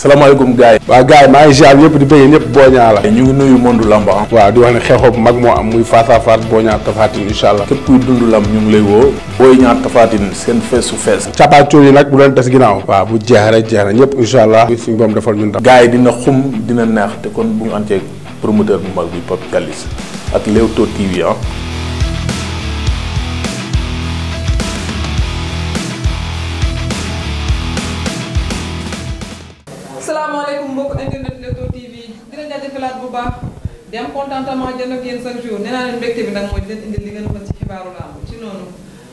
salaamaaleykum gars yi waaw maa ngi ziar ñëpp di bëggee ñëpp Boña la ñu ngi nuyu monde lamb ah waaw di wax ne xeexoo bu mag moo am muy face à face Boña Tapha Tine incha allah képp kuy dund lamb ñu ngi lay woo Boña Tapha Tine seen fees su fees cappaacoo yi nag bu doon des ginnaaw waa bu jeex rek jeex na ñëpp incha allah suñu boom defal ñun tam gars yi dina xum dina neex te kon bu ñu ànd ceeg promoteur bu mag bi Pape Kallis ak Leewtoo TV ah di am contentement jënd ak yéen chaque nee naa leen mbégte bi nag mooy di leen fës ci xibaaru làmb ci noonu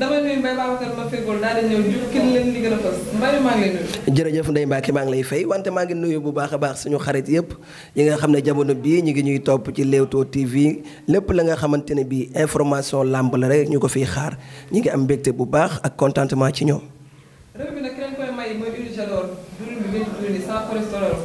damay nuyu Mbaye Babacar ma feggool daal di ñëw jukkil leen li fës Mbaye maa ngi lay nuyu. fay wante maa ngi nuyu bu baax a baax suñu xarit yëpp yi nga xam ne jamono bii ñu ngi ñuy topp ci Leewtoo TV lépp la nga xamante ne bii information làmb la rek ñu ko fiy xaar ñu ngi am mbégte bu baax ak contentement ci ñoom. réew mi nag ki koy may mooy bi ngeen di tuddee sans cholestérol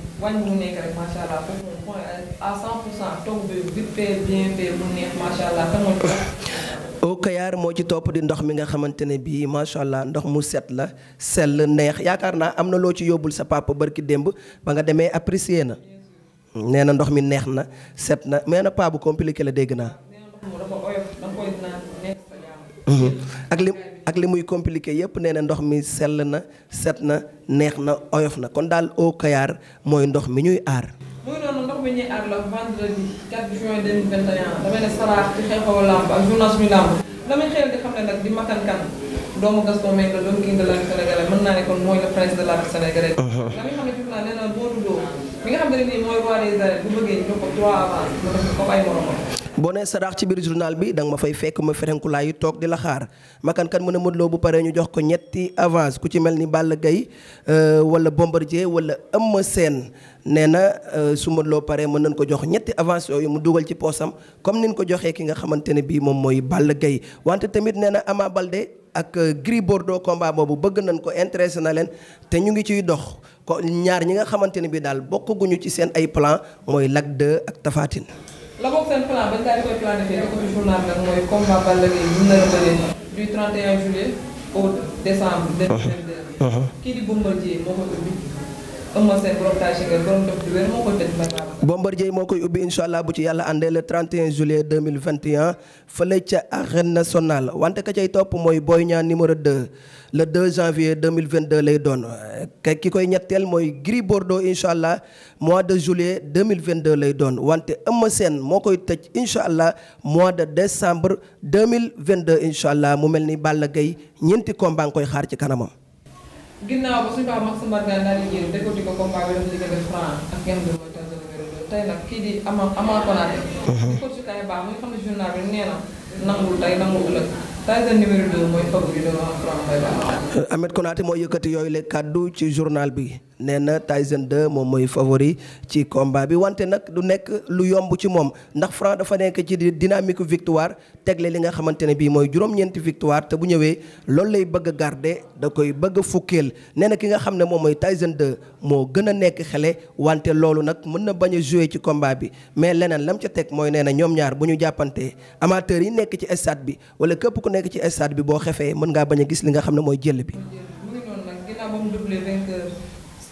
wàññi mu moo ci topp di ndox mi nga xamante ne bii macha allah ndox mu set la sell neex yaakaar naa am na loo ci yóbbul sa papa bërki démb ba nga demee apprécier na. nee na ndox mi neex na set na mais paabu paa la dégg naa. Mhm. ak li. ak li muy compliqué yépp nee na ndox mi sell na set na neex na oyof na kon daal Eau mooy ndox mi ñuy aar. muy noonu ndox mi ñuy aar la vendredi 4 juin 2021 damay ne saraax damay xel di xam ne nag di Makan Kan doomu Gaston Mbengue la doomu king de l'arène sénégalaise mën naa ne kon mooy le prince de l'arène sénégalaise. Uh-huh. damay xam ne fii naa nee na boo duddoo mi nga xam ne nii mooy roi des arènes bu bëggee ñu ko trois avance mu def ko ay moromam. boo nee saraax ci biir journal bi danga ma fay fekk ma ferenkulaa yu toog di la xaar makankan mën a Modou Lo bu pare ñu jox ko ñetti avance ku ci mel ni Balla Gaye euh, wala Bombardier wala Eumeu Sène nee na euh, su Modou Lo paree mën nañ ko jox ñetti avance yooyu mu dugal ci poosam comme niñ ko joxee ki nga xamante ne bii moom mooy Balla Gaye wante tamit nee na Ama Baldé ak euh, Gris Bordeaux combat bu bëgg nañ ko intéressé na leen te ñu ngi ciy dox ko ñaar ñi nga xamante ne bii daal bokkaguñu ci seen ay plan mooy lag 2 ak tafaatin la bokk seen plan bañ daal di koy planifié di ko ci journal nag mooy combat Balla Gaye ñu nar a bëree du 31 juillet au décembre 2022. Uh-huh. Uh-huh. kii di Bombardier moo ko ubbi ëmmal seen borom taay si borom def du wér moo ko def mbaa Bombardier moo koy ubbi incha allah bu ci yàlla àndee le 31 juillet 2021 fële ca arène nationale wante ka cay topp mooy Boy Niang numéro 2 le 2 janvier 2022 lay doon ki koy ñetteel mooy Gris Bordeaux incha allah mois de juillet 2022 lay doon wante Eumeu Sène moo koy tëj incha allah mois de décembre 2022 incha allah mu mel ni Balla Gaye ñeenti combat nga koy xaar ci kanamam. tey nag kii di Ama Ama Konaté. Mhm. mooy favori yëkkati yooyu la kàddu ci journal bi. nee na Tyson 2 moom mooy favori ci combat bi wante nag du nekk lu yomb ci moom ndax Franc dafa nekk ci dinamiku victoire tegle li nga xamante ne bii mooy juróom-ñeenti victoire te bu ñëwee loolu lay bëgg a da koy bëgg a fukkeel nee na ki nga xam ne moom mooy Tyson 2 moo gën a nekk xele wante loolu nag mën na bañ a jouer ci combat bi mais leneen lam ca teg mooy nee na ñoom ñaar bu ñu jàppantee amateurs yi nekk ci stade bi wala képp ku nekk ci stade bi boo xefee mën ngaa bañ a gis li nga xam ne mooy jël bi.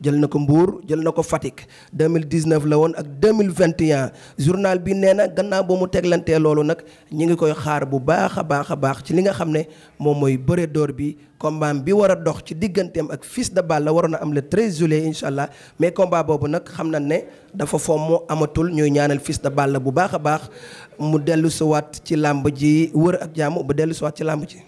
jël na ko mbuur jël na ko Fatick 2019 la woon ak 2021 journal bi nee na gannaaw ba mu teglantee loolu nag ñu ngi koy xaar bu baax a baax a baax ci li nga xam ne moom mooy bëre door bi combat bi war a dox ci digganteem ak Fils de Balla waroon a am le 13 juillet incha allah mais combat boobu nag xam na ne dafa foom moo amatul ñuy ñaanal Fils de Balla bu baax a baax mu dellu siwaat ci làmb ji wër ak jàmm bu dellu siwaat ci làmb ji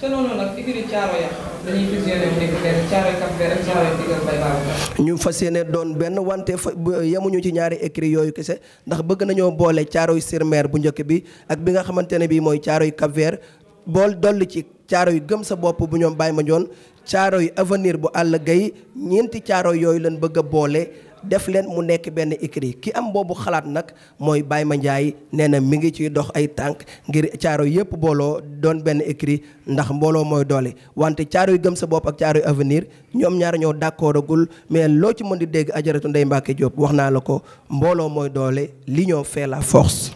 te noonu nag écurie Thiaroye dañuy fusionné mu nekk benn Thiaroye Cap Vert ak Thiaroye Digal ñu fas yéene doon benn wante fa yemuñu ci ñaari écurie yooyu kese ndax bëgg nañoo boole caaro sur Mer bu njëkk bi ak bi nga xamante ne bii mooy Thiaroye Cap Vert bool dolli ci caaro Thiaroye gëm sa bopp bu ñoom baay ma Baye caaro Thiaroye avenir bu àll gay ñeenti caaro yooyu lañ bëgg a boole. def leen mu nekk benn écrit ki am boobu xalaat nag mooy Baye Mandiaye nee na mi ngi ciy dox ay tànk ngir caaro yëpp booloo doon benn écrit ndax mbooloo mooy doole wante caaro yu gëm sa bopp ak caaro yu avenir ñoom ñaar ñoo d'accordagul mais loo ci mën di dégg ajaratu Ndeye Mbacke Diop wax naa la ko mbooloo mooy doole l'union fait la force.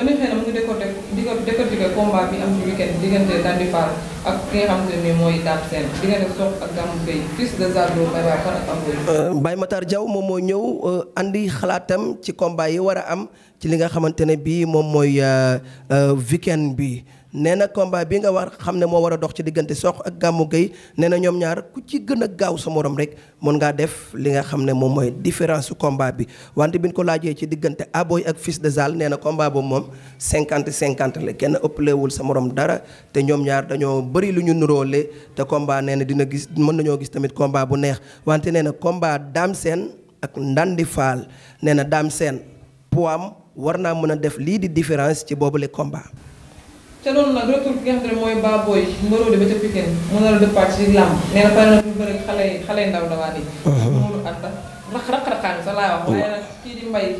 damay xëy na mu ngi décorté di bi am ci week diggante Dandy Fall ak ki xam ne mooy Dame Sène diggante Sokh ak Gamou Gueye fils de Zardo Baye Fall ak Amboy. Euh, moom moo ñëw euh, andi xalaatam ci combat yi war a am ci li nga xamante ne bii moom mooy euh, week-end bi. nee na combat bi nga war xam ne moo war a dox ci diggante Sokh ak gàmmu Gueye nee na ñoom ñaar ku ci gën a gaaw sa moroom rek mën ngaa def li nga xam ne moom mooy différence su combat bi wante bi ñu ko laajee ci diggante Aboy ak Fils de Zal nee na combat boobu moom 50 50 la kenn ëppalewul sa moroom dara te ñoom ñaar dañoo bëri lu ñu nuróole te combat nee na dina gis mën nañoo gis tamit combat bu neex wante nee na daam seen Sène ak Ndandi Fall nee na Dame Sène poam war naa mën a def lii di différence ci boobule combat. te loolu nag retour bi nga xam ne mooy ba ca Pikine mu nar a dëppaat ci làmb nee na pare na bëri xale yi ndaw dawaa di. Mourou Anta rax rax raxaan sa laa wax.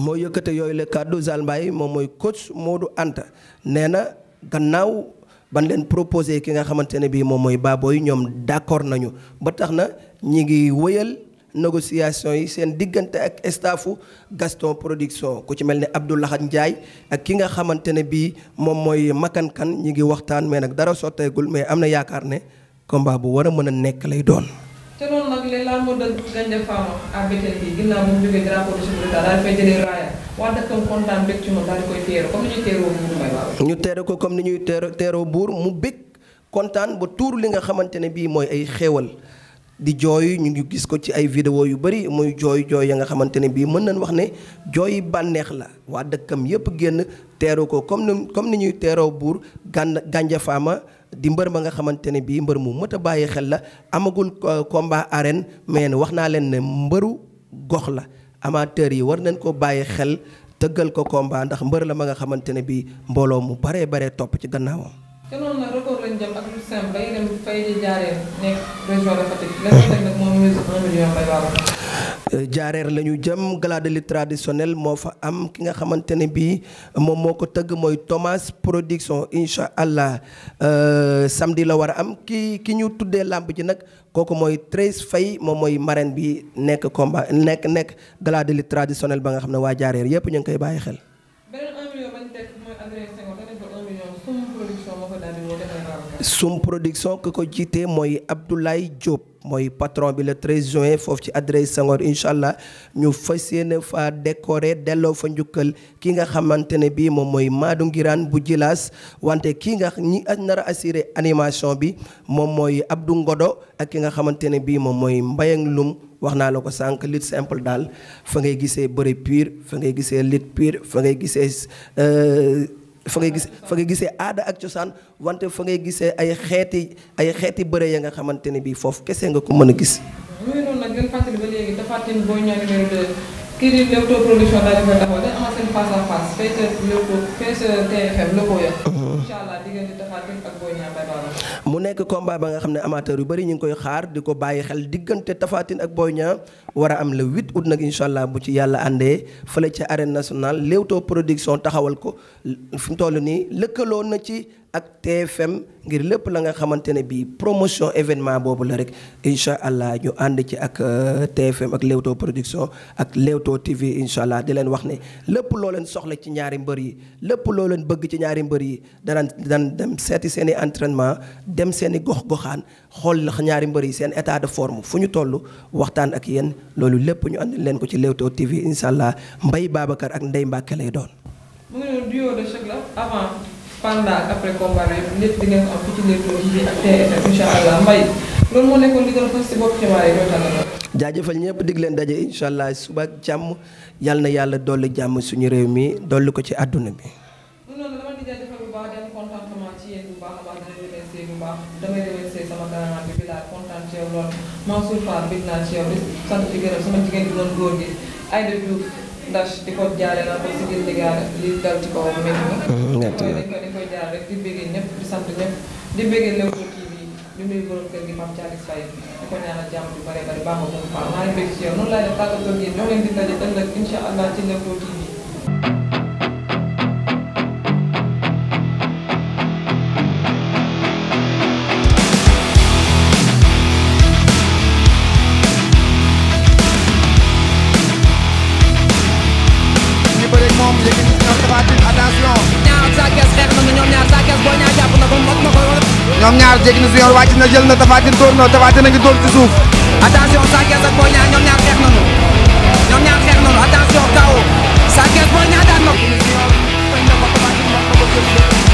moo yëkkate yooyu la kàddu Zal Mbaye moom mooy coach Modou Anta nee na gannaaw ba leen proposer ki nga xamante ne bii moom mooy Baboy ñoom d'accord nañu ba tax na ñi ngi wëyal. négociation yi seen diggante ak staffu Gaston Production ku ci mel ni Abdou Lahad njaay ak ki nga xamante ne bii moom mooy makankan ñi ngi waxtaan mais nag dara sotteegul mais am na yaakaar ne combat bu war a mën a nekk lay doon. te noonu nag les lambeurs de Gandia Fama à Béthel bi ginnaaw bu ñu jógee drapeau du chef de l'État ci moom daal di koy teeroo comme ni ñuy teere ko comme ni ñuy teeroo teeroo buur mu bég kontaan ba tuur li nga xamante ne bii mooy ay xéewal. di jooy ñu ngi gis ko ci ay vidéo yu bari muy jooy jooy ya nga xamante ne bii mën nañ wax ne jooy bànneex la waa dëkkam yépp génn teeru ko comme ni ñuy teeroo buur gàn gànja di mbër ma nga xamante ne bii mbër mu mët a bàyyi xel la amagul combat arène mais wax naa leen ne mbëru gox la amateur yi war nañ ko bàyyi xel tëggal ko combat ndax mbër la ma nga xamante ne bii mbooloo mu baree baree topp ci gannaawam. di euh, jaareer nekk la ñu jëm gala de moo fa am ki nga xamante ne bii moom moo ko tëgg mooy Thomas production incha allah euh, samedi la war a am ki ki ñu tuddee làmb ji nag kooku mooy Treize Faye moom mooy marraine bi nekk combat nekk nekk gala de lutte traditionnel ba nga xam ne waa jaareer yëpp ñu ngi koy bàyyi xel. sum production ki ko jiite mooy Abdoulaye Diop mooy patron bi la 13 juin foofu ci adresse Senghor incha allah ñu fa yéene fa décorer delloo fa njukkal ki nga xamante ne bii moom mooy Maadu Ngiraan bu Jilaas wante ki nga ñi nar a animation bi moom mooy Abdou Ngodo ak ki nga xamante ne bii moom mooy Mbayang Lum wax naa la ko sànq lutte simple daal fa ngay gisee bëre pur fa ngay gisee lutte pur fa ngay gisee. Euh, fa ngay gis fa ngay gisee aada ak cosaan wante fa ngay gisee ay xeeti ay xeeti bëre ya nga xamante ne bii foofu kese nga ko mën a gis. Uh-huh. mu nekk combat ba nga xam ne amateur yu bari ñu ngi koy xaar di ko bàyyi xel diggante Tapha ak Boy Niang war a am le 8 août nag incha allah bu ci yàlla àndee fële ca arène nationale Leewtoo production taxawal ko fi nii lëkkaloo na ci. ak TFM ngir lépp la nga xamante ne bii promotion événement boobu la rek incha allah ñu ànd ci ak euh, TFM ak Leewtoo production ak Leewtoo TV incha allah di leen wax ne lépp loo leen soxla ci ñaari mbër yi lépp loo leen bëgg ci ñaari mbër yi danañ dan dem seeti seen i entraînement dem seen i gox-goxaan xool la ñaari mbër yi seen état de forme fu ñu toll waxtaan ak yéen loolu lépp ñu ànd leen ko ci lewto TV incha allah mbay Babacar ak Ndeye Mbacke lay doon. pendant ak après combat yëpp di ngeen ko am fii ci Leewtoo TV ak TFM allah mbay loolu moo nekkoon li gën a si bopp xibaar suba jàmm yal na yàlla dolli jàmm suñu réew mi dolli ko ci àdduna bi. mu noonu dama di jaajëfal bu baax di am contentement ci yéen bu baax a baax dama remercier bu baax damay remercier sama garaan bi Bilal kontaan ci yow lool Mansour Fall bég naa ci yow di sama jigéen di doon góor gi Aïda Diouf ndax di ko jaaree naa ko yàlla rek di bëggee ñëpp di sant ñëpp di bëggee Leewtoo TV di nuyu borom kër gi Pape Thialis Faye di ko ñaanal jàmm ju bare bare baax na baax maa ngi bëgg ci yow noonu laay def tàggatoo ak yéen ñoo leen di daje ëllëg incha allah ci Leewtoo TV moom léegi ñu ngi attention. ñoom ñaar jéggi na junior wàcc na jël na tafaatin dóor na tafaatin na ngi dóor ci suuf attention Sa Thiès ak Boy Niang ñoom ñaar xeex nañu ñoom ñaar xeex nañu attention kaw Sa Thiès Boy Niang daan na ko